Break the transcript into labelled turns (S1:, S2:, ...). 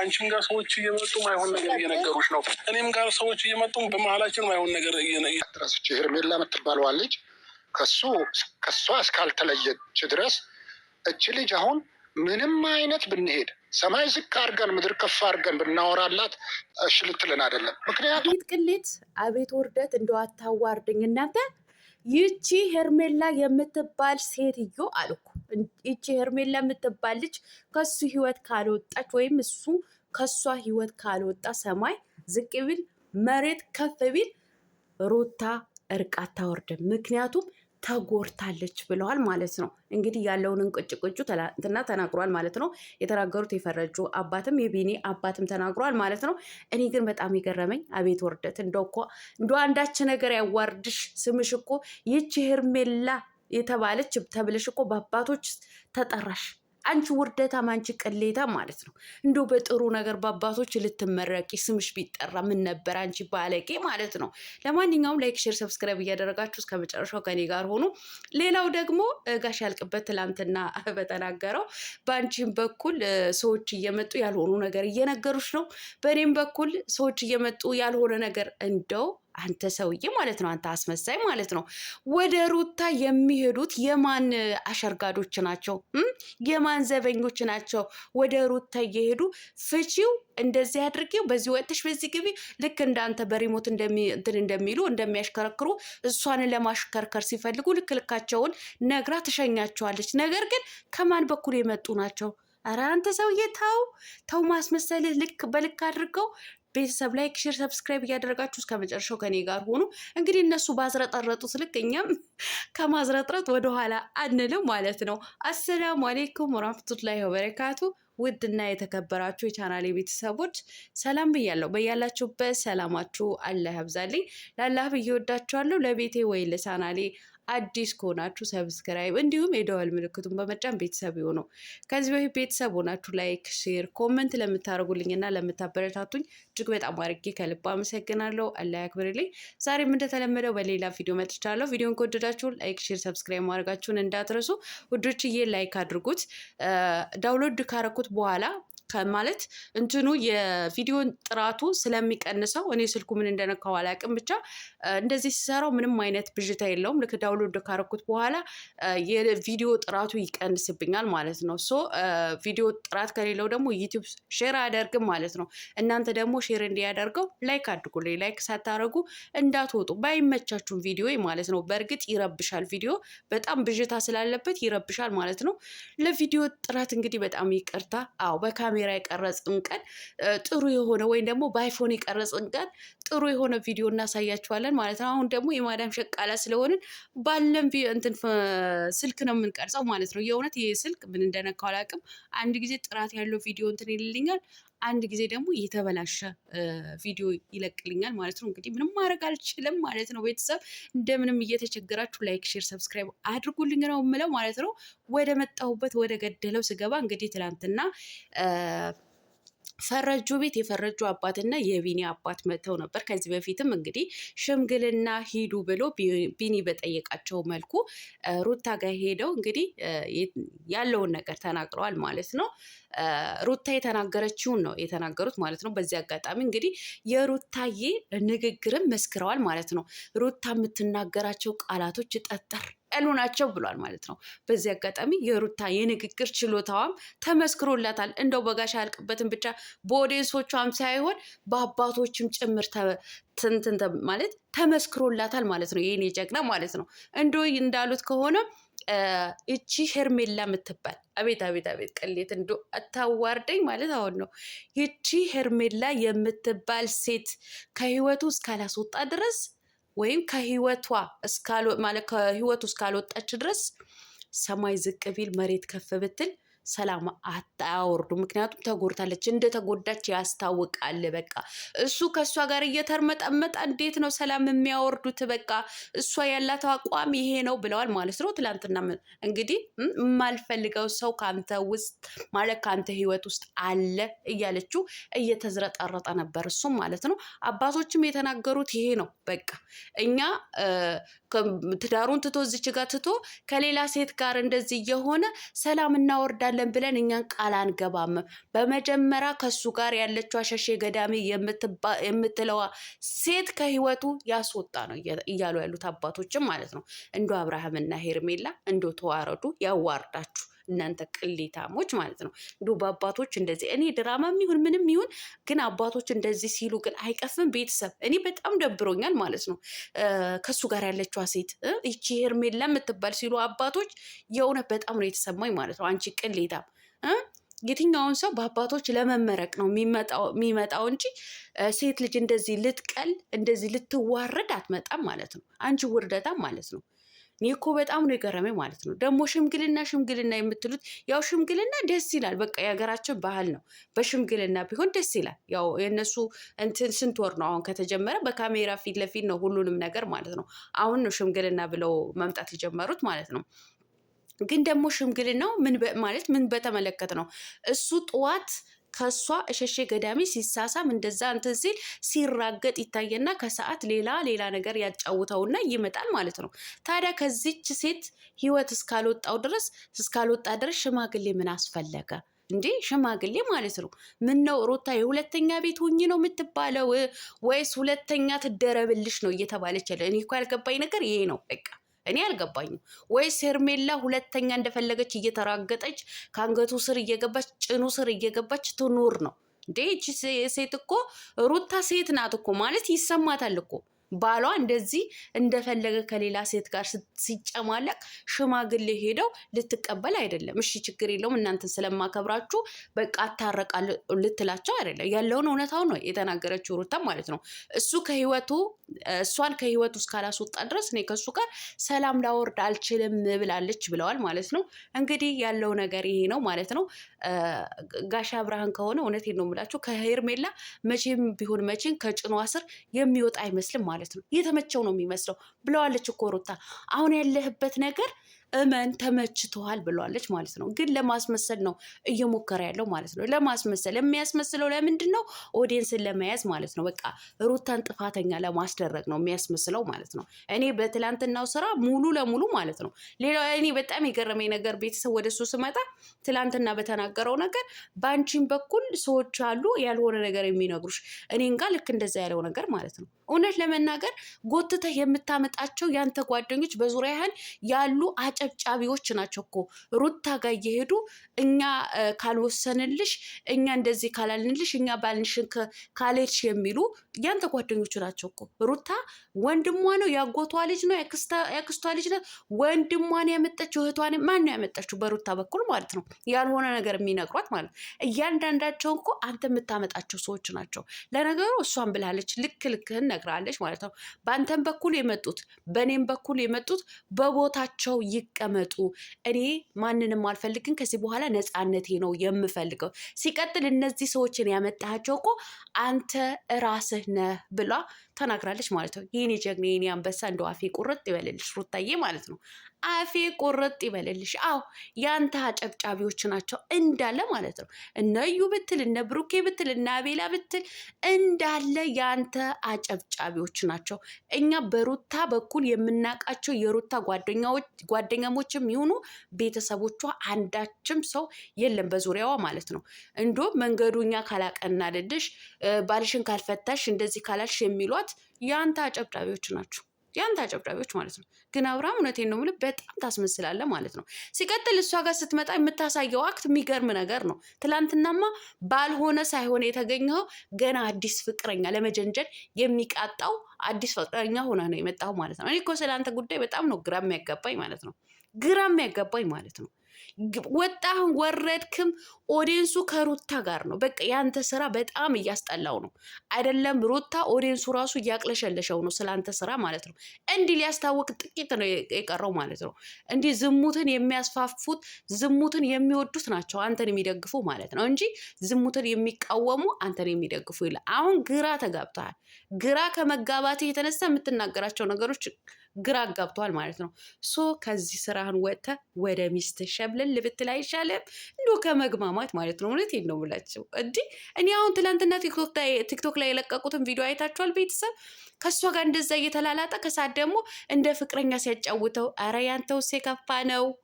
S1: አንቺም ጋር ሰዎች እየመጡ ማይሆን ነገር እየነገሩች ነው። እኔም ጋር ሰዎች እየመጡ በመሀላችን ማይሆን ነገር እየነረሱች ሄርሜላ የምትባለዋ ልጅ ከሱ ከሷ እስካልተለየች ድረስ እች ልጅ አሁን ምንም አይነት ብንሄድ ሰማይ ዝቅ አድርገን ምድር
S2: ከፍ አድርገን ብናወራላት እሺ ልትልን አይደለም። ምክንያቱም አቤት ቅሌት፣ አቤት ውርደት፣ እንደው አታዋርድኝ እናንተ። ይቺ ሄርሜላ የምትባል ሴትዮ አልኩ ይቺ ሄርሜላ የምትባል ልጅ ከሱ ህይወት ካልወጣች ወይም እሱ ከሷ ህይወት ካልወጣ ሰማይ ዝቅ ቢል መሬት ከፍ ቢል ሩታ እርቃ ወርድም ምክንያቱም ተጎርታለች ብለዋል ማለት ነው። እንግዲህ ያለውን እንቅጭቅጩ ትናንትና ተናግሯል ማለት ነው። የተናገሩት የፈረጁ አባትም የቢኒ አባትም ተናግሯል ማለት ነው። እኔ ግን በጣም የገረመኝ አቤት ወርደት እንደ እኮ አንዳች ነገር ያዋርድሽ ስምሽ እኮ ይቺ ሄርሜላ የተባለች ተብለሽ እኮ በአባቶች ተጠራሽ። አንቺ ውርደታም አንቺ ቅሌታ ማለት ነው። እንዲሁ በጥሩ ነገር በአባቶች ልትመረቂ ስምሽ ቢጠራ ምን ነበር? አንቺ ባለቄ ማለት ነው። ለማንኛውም ላይክ፣ ሼር፣ ሰብስክራይብ እያደረጋችሁ እስከ መጨረሻው ከኔ ጋር ሆኑ። ሌላው ደግሞ ጋሽ ያልቅበት ትላንትና በተናገረው በአንቺም በኩል ሰዎች እየመጡ ያልሆኑ ነገር እየነገሩች ነው። በእኔም በኩል ሰዎች እየመጡ ያልሆነ ነገር እንደው አንተ ሰውዬ ማለት ነው፣ አንተ አስመሳይ ማለት ነው። ወደ ሩታ የሚሄዱት የማን አሸርጋዶች ናቸው? የማን ዘበኞች ናቸው? ወደ ሩታ እየሄዱ ፍቺው እንደዚህ አድርጌው በዚህ ወጥሽ በዚህ ግቢ ልክ እንዳንተ በሪሞት እንትን እንደሚሉ እንደሚያሽከረክሩ እሷን ለማሽከርከር ሲፈልጉ ልክ ልካቸውን ነግራ ትሸኛቸዋለች። ነገር ግን ከማን በኩል የመጡ ናቸው? ኧረ አንተ ሰውዬ ተው ተው ማስመሰልህ፣ ልክ በልክ አድርገው ቤተሰብ ላይክ፣ ሼር፣ ሰብስክራይብ እያደረጋችሁ እስከ መጨረሻው ከኔ ጋር ሆኑ። እንግዲህ እነሱ ባዝረጠረጡት ልክ እኛም ከማዝረጥረጥ ወደኋላ አንልም ማለት ነው። አሰላሙ አሌይኩም ወራህመቱላሂ ወበረካቱ። ውድና የተከበራችሁ የቻናሌ ቤተሰቦች ሰላም ብያለሁ። በያላችሁበት ሰላማችሁ አላህ ያብዛልኝ። ላላህ ብዬ ወዳችኋለሁ። ለቤቴ ወይ ለቻናሌ አዲስ ከሆናችሁ ሰብስክራይብ እንዲሁም የደወል ምልክቱን በመጫን ቤተሰብ የሆነው ከዚህ በፊት ቤተሰብ ሆናችሁ ላይክ፣ ሼር፣ ኮመንት ለምታደርጉልኝና ለምታበረታቱኝ እጅግ በጣም አድርጌ ከልብ አመሰግናለሁ። አላህ ያክብርልኝ። ዛሬም እንደተለመደው በሌላ ቪዲዮ መጥቻለሁ። ቪዲዮን ከወደዳችሁ ላይክ፣ ሼር፣ ሰብስክራይብ ማድረጋችሁን እንዳትረሱ ውዶችዬ። ላይክ አድርጉት። ዳውንሎድ ካረኩት በኋላ ማለት እንትኑ የቪዲዮን ጥራቱ ስለሚቀንሰው እኔ ስልኩ ምን እንደነካው አላውቅም። ብቻ እንደዚህ ሲሰራው ምንም አይነት ብዥታ የለውም። ልክ ዳውንሎድ ካረኩት በኋላ የቪዲዮ ጥራቱ ይቀንስብኛል ማለት ነው። ሶ ቪዲዮ ጥራት ከሌለው ደግሞ ዩቲዩብ ሼር አያደርግም ማለት ነው። እናንተ ደግሞ ሼር እንዲያደርገው ላይክ አድርጉልኝ። ላይክ ሳታደርጉ እንዳትወጡ ባይመቻችሁም ቪዲዮ ማለት ነው። በእርግጥ ይረብሻል። ቪዲዮ በጣም ብዥታ ስላለበት ይረብሻል ማለት ነው። ለቪዲዮ ጥራት እንግዲህ በጣም ይቅርታ። አዎ በካሜራ በካሜራ የቀረጽን ቀን ጥሩ የሆነ ወይም ደግሞ በአይፎን የቀረጽን ቀን ጥሩ የሆነ ቪዲዮ እናሳያችኋለን ማለት ነው። አሁን ደግሞ የማዳም ሸቃላ ስለሆንን ባለን እንትን ስልክ ነው የምንቀርጸው ማለት ነው። የእውነት ይህ ስልክ ምን እንደነካው አላውቅም። አንድ ጊዜ ጥራት ያለው ቪዲዮ እንትን ይልልኛል አንድ ጊዜ ደግሞ የተበላሸ ቪዲዮ ይለቅልኛል ማለት ነው። እንግዲህ ምንም ማድረግ አልችልም ማለት ነው። ቤተሰብ እንደምንም እየተቸገራችሁ ላይክ፣ ሼር፣ ሰብስክራይብ አድርጉልኝ ነው የምለው ማለት ነው። ወደ መጣሁበት ወደ ገደለው ስገባ እንግዲህ ትላንትና ፈረጁ ቤት የፈረጁ አባትና የቢኒ አባት መጥተው ነበር። ከዚህ በፊትም እንግዲህ ሽምግልና ሂዱ ብሎ ቢኒ በጠየቃቸው መልኩ ሩታ ጋር ሄደው እንግዲህ ያለውን ነገር ተናግረዋል ማለት ነው። ሩታ የተናገረችውን ነው የተናገሩት ማለት ነው። በዚህ አጋጣሚ እንግዲህ የሩታዬ ንግግርም መስክረዋል ማለት ነው። ሩታ የምትናገራቸው ቃላቶች ጠጠር የቀጠሉ ናቸው ብሏል ማለት ነው። በዚህ አጋጣሚ የሩታ የንግግር ችሎታዋም ተመስክሮላታል። እንደው በጋሽ አያልቅበትም ብቻ በኦዲየንሶቿም ሳይሆን በአባቶችም ጭምር ትንትን ማለት ተመስክሮላታል ማለት ነው። ይህን የጀግና ማለት ነው እንዶ እንዳሉት ከሆነ እቺ ሄርሜላ የምትባል አቤት አቤት አቤት ቅሌት እንዶ አታዋርደኝ ማለት አሁን ነው። ይቺ ሄርሜላ የምትባል ሴት ከህይወቱ እስካላስወጣ ድረስ ወይም ከህይወቷ ማለት ከህይወቱ እስካልወጣች ድረስ ሰማይ ዝቅ ቢል መሬት ከፍ ብትል ሰላም አታያወርዱ። ምክንያቱም ተጎድታለች፣ እንደተጎዳች ያስታውቃል። በቃ እሱ ከእሷ ጋር እየተርመጠመጠ እንዴት ነው ሰላም የሚያወርዱት? በቃ እሷ ያላት አቋም ይሄ ነው ብለዋል ማለት ነው። ትላንትና እንግዲህ የማልፈልገው ሰው ከአንተ ውስጥ ማለት ከአንተ ህይወት ውስጥ አለ እያለችው እየተዝረጠረጠ ነበር እሱም ማለት ነው። አባቶችም የተናገሩት ይሄ ነው። በቃ እኛ ትዳሩን ትቶ እዚች ጋር ትቶ ከሌላ ሴት ጋር እንደዚህ እየሆነ ሰላም እናወርዳል እንመጣለን ብለን እኛን ቃል አንገባም። በመጀመሪያ ከሱ ጋር ያለችው አሸሼ ገዳሚ የምትለዋ ሴት ከህይወቱ ያስወጣ ነው እያሉ ያሉት አባቶችም ማለት ነው። እንዶ አብርሃምና ሄርሜላ እንዶ ተዋረዱ፣ ያዋርዳችሁ። እናንተ ቅሌታሞች ማለት ነው። እንዲሁ በአባቶች እንደዚህ እኔ ድራማ ይሁን ምንም ይሁን ግን አባቶች እንደዚህ ሲሉ ግን አይቀፍም። ቤተሰብ እኔ በጣም ደብሮኛል ማለት ነው። ከሱ ጋር ያለችዋ ሴት ይቺ ሄርሜላ የምትባል ሲሉ አባቶች የእውነት በጣም ነው የተሰማኝ ማለት ነው። አንቺ ቅሌታም የትኛውን ሰው በአባቶች ለመመረቅ ነው የሚመጣው እንጂ ሴት ልጅ እንደዚህ ልትቀል እንደዚህ ልትዋረድ አትመጣም ማለት ነው። አንቺ ውርደታም ማለት ነው። እኔ እኮ በጣም ነው የገረመኝ ማለት ነው። ደግሞ ሽምግልና ሽምግልና የምትሉት ያው ሽምግልና ደስ ይላል። በቃ የሀገራችን ባህል ነው። በሽምግልና ቢሆን ደስ ይላል። ያው የእነሱ እንትን ስንት ወር ነው አሁን ከተጀመረ? በካሜራ ፊት ለፊት ነው ሁሉንም ነገር ማለት ነው። አሁን ነው ሽምግልና ብለው መምጣት የጀመሩት ማለት ነው። ግን ደግሞ ሽምግልናው ምን ማለት ምን በተመለከተ ነው? እሱ ጠዋት ከእሷ እሸሼ ገዳሚ ሲሳሳም እንደዛ እንትን ሲል ሲራገጥ ይታየና ከሰዓት ሌላ ሌላ ነገር ያጫውተውና ይመጣል ማለት ነው። ታዲያ ከዚች ሴት ህይወት እስካልወጣው ድረስ እስካልወጣ ድረስ ሽማግሌ ምን አስፈለገ? እንዴ ሽማግሌ ማለት ነው። ምን ነው ሩታ የሁለተኛ ቤት ሁኚ ነው የምትባለው ወይስ ሁለተኛ ትደረብልሽ ነው እየተባለች ያለ? እኔ እኮ ያልገባኝ ነገር ይሄ ነው በቃ እኔ አልገባኝም። ወይስ ሄርሜላ ሁለተኛ እንደፈለገች እየተራገጠች ከአንገቱ ስር እየገባች ጭኑ ስር እየገባች ትኑር ነው እንዴ? ይቺ ሴት እኮ ሩታ ሴት ናት እኮ ማለት ይሰማታል እኮ ባሏ እንደዚህ እንደፈለገ ከሌላ ሴት ጋር ሲጨማለቅ ሽማግሌ ሄደው ልትቀበል አይደለም። እሺ ችግር የለውም እናንተን ስለማከብራችሁ በቃ አታረቃል ልትላቸው አይደለም። ያለውን እውነታው ነው የተናገረችው ሩታ ማለት ነው። እሱ ከህይወቱ እሷን ከህይወቱ እስካላስወጣ ድረስ እኔ ከእሱ ጋር ሰላም ላወርድ አልችልም ብላለች ብለዋል ማለት ነው። እንግዲህ ያለው ነገር ይሄ ነው ማለት ነው። ጋሻ አብርሃን ከሆነ እውነቴን ነው የምላችሁ ከሄርሜላ መቼም ቢሆን መቼም ከጭኗ ስር የሚወጣ አይመስልም ማለት ማለት ነው የተመቸው ነው የሚመስለው ብለዋለች እኮ ሩታ። አሁን ያለህበት ነገር እመን ተመችቶሃል ብሏለች ማለት ነው። ግን ለማስመሰል ነው እየሞከረ ያለው ማለት ነው። ለማስመሰል የሚያስመስለው ለምንድን ነው? ኦዲየንስን ለመያዝ ማለት ነው። በቃ ሩታን ጥፋተኛ ለማስደረግ ነው የሚያስመስለው ማለት ነው። እኔ በትላንትናው ስራ ሙሉ ለሙሉ ማለት ነው። ሌላው እኔ በጣም የገረመኝ ነገር ቤተሰብ ወደሱ ስመጣ ትላንትና በተናገረው ነገር በአንቺን በኩል ሰዎች አሉ ያልሆነ ነገር የሚነግሩሽ እኔን ጋር ልክ እንደዛ ያለው ነገር ማለት ነው። እውነት ለመናገር ጎትተህ የምታመጣቸው ያንተ ጓደኞች በዙሪያህን ያሉ አጭ አጨብጫቢዎች ናቸው እኮ ሩታ ጋር እየሄዱ እኛ ካልወሰንልሽ፣ እኛ እንደዚህ ካላልንልሽ፣ እኛ ባልንሽን ካልሄድሽ የሚሉ ያንተ ጓደኞቹ ናቸው እኮ። ሩታ ወንድሟ ነው፣ ያጎቷ ልጅ ነው፣ ያክስቷ ልጅ ነው። ወንድሟን ያመጣችው እህቷን ማን ነው ያመጣችው? በሩታ በኩል ማለት ነው። ያልሆነ ነገር የሚነግሯት ማለት ነው። እያንዳንዳቸውን እኮ አንተ የምታመጣቸው ሰዎች ናቸው። ለነገሩ እሷን ብላለች፣ ልክ ልክህን ነግራለች ማለት ነው። በአንተም በኩል የመጡት በእኔም በኩል የመጡት በቦታቸው ይ ይቀመጡ። እኔ ማንንም አልፈልግም። ከዚህ በኋላ ነፃነቴ ነው የምፈልገው። ሲቀጥል እነዚህ ሰዎችን ያመጣቸው እኮ አንተ ራስህ ነህ ብላ ተናግራለች ማለት ነው። የኔ ጀግና የኔ አንበሳ እንደው አፌ ቁርጥ ይበልልሽ ሩታዬ ማለት ነው። አፌ ቁርጥ ይበልልሽ። አዎ ያንተ አጨብጫቢዎች ናቸው እንዳለ ማለት ነው። እነዩ እዩ ብትል እነ ብሩኬ ብትል እነ አቤላ ብትል እንዳለ ያንተ አጨብጫቢዎች ናቸው። እኛ በሩታ በኩል የምናውቃቸው የሩታ ጓደኛሞችም ይሁኑ ቤተሰቦቿ አንዳችም ሰው የለም በዙሪያዋ ማለት ነው። እንዲሁም መንገዱ እኛ ካላቀናልልሽ፣ ባልሽን ካልፈታሽ፣ እንደዚህ ካላልሽ የሚሏት ያገባት የአንተ አጨብጣቢዎች ናቸው። የአንተ አጨብጣቢዎች ማለት ነው። ግን አብርሃም እውነቴን ነው የምልህ በጣም ታስመስላለህ ማለት ነው። ሲቀጥል እሷ ጋር ስትመጣ የምታሳየው አክት የሚገርም ነገር ነው። ትላንትናማ ባልሆነ ሳይሆን የተገኘው ገና አዲስ ፍቅረኛ ለመጀንጀን የሚቃጣው አዲስ ፍቅረኛ ሆነ ነው የመጣው ማለት ነው። እኔ እኮ ስለ ጉዳይ በጣም ነው ግራ የሚያጋባኝ ማለት ነው። ግራ የሚያጋባኝ ማለት ነው። ወጣህም ወረድክም ኦዲየንሱ ከሩታ ጋር ነው። በቃ ያንተ ስራ በጣም እያስጠላው ነው አይደለም? ሩታ ኦዲየንሱ ራሱ እያቅለሸለሸው ነው ስለአንተ ስራ ማለት ነው። እንዲህ ሊያስታውቅ ጥቂት ነው የቀረው ማለት ነው። እንዲህ ዝሙትን የሚያስፋፉት ዝሙትን የሚወዱት ናቸው አንተን የሚደግፉ ማለት ነው እንጂ ዝሙትን የሚቃወሙ አንተን የሚደግፉ ይላል። አሁን ግራ ተጋብተሃል። ግራ ከመጋባት የተነሳ የምትናገራቸው ነገሮች ግራ አጋብተዋል ማለት ነው። ሶ ከዚህ ስራህን ወጥተህ ወደ ሚስት ሸብልን ልብትል አይሻልም እንዲ ከመግማማ ለማየት ማለት ነው። እውነቴን ነው ብላቸው እንዲህ እኔ አሁን ትናንትና ቲክቶክ ላይ የለቀቁትን ቪዲዮ አይታችኋል ቤተሰብ ከእሷ ጋር እንደዛ እየተላላጠ ከሳት ደግሞ እንደ ፍቅረኛ ሲያጫውተው ኧረ ያንተውስ የከፋ ነው።